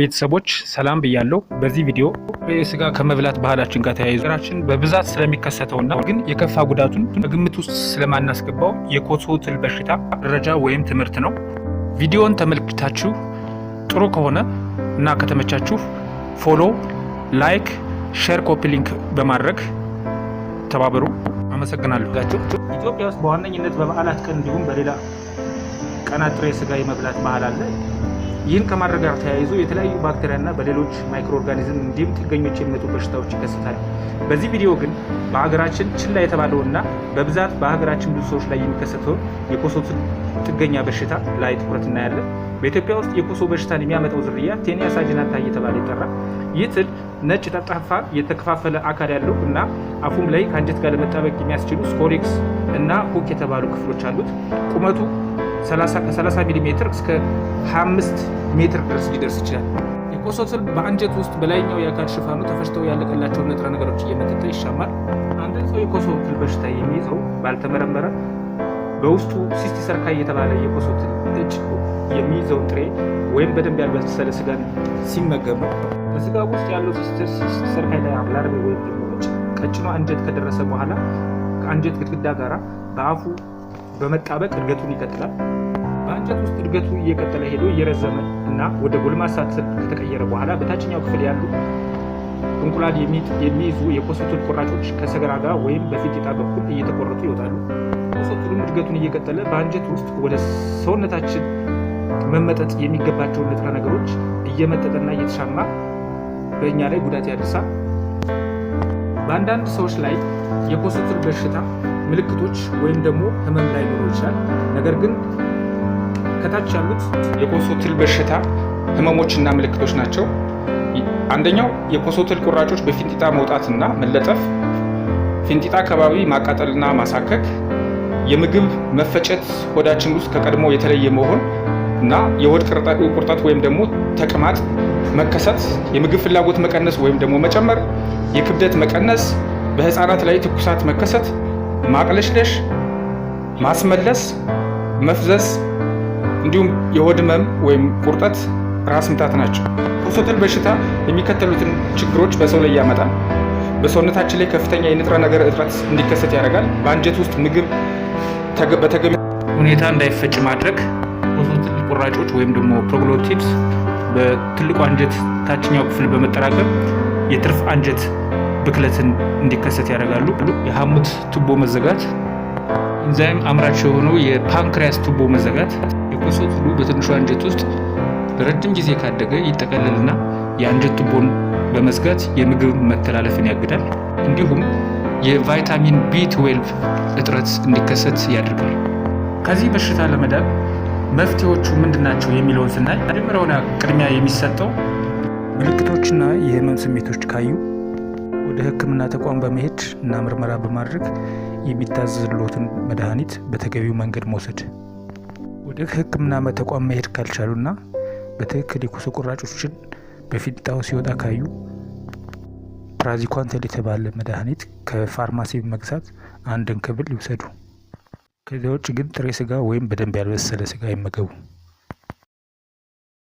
ቤተሰቦች ሰላም ብያለው። በዚህ ቪዲዮ ጥሬ ስጋ ከመብላት ባህላችን ጋር ተያይዞ ሀገራችን በብዛት ስለሚከሰተውና ግን የከፋ ጉዳቱን በግምት ውስጥ ስለማናስገባው የኮሶ ትል በሽታ ደረጃ ወይም ትምህርት ነው። ቪዲዮን ተመልክታችሁ ጥሩ ከሆነ እና ከተመቻችሁ ፎሎ፣ ላይክ፣ ሼር፣ ኮፒ ሊንክ በማድረግ ተባበሩ። አመሰግናለሁ። ኢትዮጵያ ውስጥ በዋነኝነት በበዓላት ቀን እንዲሁም በሌላ ቀናት ጥሬ ስጋ የመብላት ባህል አለ። ይህን ከማድረግ ጋር ተያይዞ የተለያዩ ባክቴሪያና በሌሎች ማይክሮ ኦርጋኒዝም እንዲሁም ጥገኞች የሚመጡ በሽታዎች ይከሰታል። በዚህ ቪዲዮ ግን በሀገራችን ችላ የተባለውና በብዛት በሀገራችን ብዙ ሰዎች ላይ የሚከሰተውን የኮሶ ጥገኛ በሽታ ላይ ትኩረት እናያለን። በኢትዮጵያ ውስጥ የኮሶ በሽታን የሚያመጣው ዝርያ ቴኒያ ሳጅናታ እየተባለ ይጠራ ይህ ትል ነጭ ጠጣፋ የተከፋፈለ አካል ያለው እና አፉም ላይ ከአንጀት ጋር ለመጣበቅ የሚያስችሉ ስኮሪክስ እና ሁክ የተባሉ ክፍሎች አሉት። ቁመቱ 30 ሚሊ ሜትር እስከ 25 ሜትር ድረስ ሊደርስ ይችላል። የቆሶ ስል በአንጀት ውስጥ በላይኛው የአካል ሽፋኑ ተፈጭተው ያለቀላቸውን ንጥረ ነገሮች እየመጠጠ ይሻማል። አንድ ሰው የኮሶ በሽታ የሚይዘው ባልተመረመረ በውስጡ ሲስቲ ሰርካይ የተባለ የኮሶ ትል እጭ የሚይዘው ጥሬ ወይም በደንብ ያልበሰለ ስጋን ሲመገብ በስጋ ውስጥ ያለው ሲስቲ ሰርካይ ላይ ላርቤ ወይም ቀጭኖ አንጀት ከደረሰ በኋላ ከአንጀት ግድግዳ ጋራ በአፉ በመጣበቅ እድገቱን ይቀጥላል። በአንጀት ውስጥ እድገቱ እየቀጠለ ሄዶ እየረዘመ እና ወደ ጎልማሳ ከተቀየረ በኋላ በታችኛው ክፍል ያሉ እንቁላል የሚይዙ የኮሶቱል ቁራጮች ከሰገራ ጋር ወይም በፊንጢጣ በኩል እየተቆረጡ ይወጣሉ። ኮሶቱልም እድገቱን እየቀጠለ በአንጀት ውስጥ ወደ ሰውነታችን መመጠጥ የሚገባቸውን ንጥረ ነገሮች እየመጠጠና እየተሻማ በእኛ ላይ ጉዳት ያደርሳል። በአንዳንድ ሰዎች ላይ የኮሶቱል በሽታ ምልክቶች ወይም ደግሞ ህመም ላይኖረው ይችላል። ነገር ግን ከታች ያሉት የኮሶ ትል በሽታ ህመሞችና ምልክቶች ናቸው። አንደኛው የኮሶ ትል ቁራጮች በፊንጢጣ መውጣትና መለጠፍ፣ ፊንጢጣ አካባቢ ማቃጠልና ማሳከክ፣ የምግብ መፈጨት፣ ሆዳችን ውስጥ ከቀድሞ የተለየ መሆን እና የሆድ ቁርጠት ወይም ደግሞ ተቅማጥ መከሰት፣ የምግብ ፍላጎት መቀነስ ወይም ደግሞ መጨመር፣ የክብደት መቀነስ፣ በህፃናት ላይ ትኩሳት መከሰት ማቅለሽለሽ፣ ማስመለስ፣ መፍዘዝ እንዲሁም የሆድ ህመም ወይም ቁርጠት፣ ራስ ምታት ናቸው። የቁስል በሽታ የሚከተሉትን ችግሮች በሰው ላይ ያመጣል። በሰውነታችን ላይ ከፍተኛ የንጥረ ነገር እጥረት እንዲከሰት ያደርጋል። በአንጀት ውስጥ ምግብ በተገቢ ሁኔታ እንዳይፈጭ ማድረግ። ቁስል ቁራጮች ወይም ደግሞ ፕሮግሎቲፕስ በትልቁ አንጀት ታችኛው ክፍል በመጠራቀም የትርፍ አንጀት ብክለትን እንዲከሰት ያደርጋሉ። የሐሞት ቱቦ መዘጋት፣ ኢንዛይም አምራች የሆነው የፓንክሪያስ ቱቦ መዘጋት። የኮሶ ሁሉ በትንሹ አንጀት ውስጥ ለረጅም ጊዜ ካደገ ይጠቀልልና የአንጀት ቱቦን በመዝጋት የምግብ መተላለፍን ያግዳል። እንዲሁም የቫይታሚን ቢ12 እጥረት እንዲከሰት ያደርጋል። ከዚህ በሽታ ለመዳብ መፍትሄዎቹ ምንድናቸው የሚለውን ስናይ መጀመሪያውና ቅድሚያ የሚሰጠው ምልክቶችና የህመም ስሜቶች ካዩ ወደ ህክምና ተቋም በመሄድ እና ምርመራ በማድረግ የሚታዘዝሎትን መድኃኒት በተገቢው መንገድ መውሰድ። ወደ ህክምና ተቋም መሄድ ካልቻሉና በትክክል የኩሶ ቁራጮችን በፊንጢጣው ሲወጣ ካዩ ፕራዚኳንተል የተባለ መድኃኒት ከፋርማሲ በመግዛት አንድ እንክብል ይውሰዱ። ከዚያ ውጭ ግን ጥሬ ስጋ ወይም በደንብ ያልበሰለ ስጋ ይመገቡ።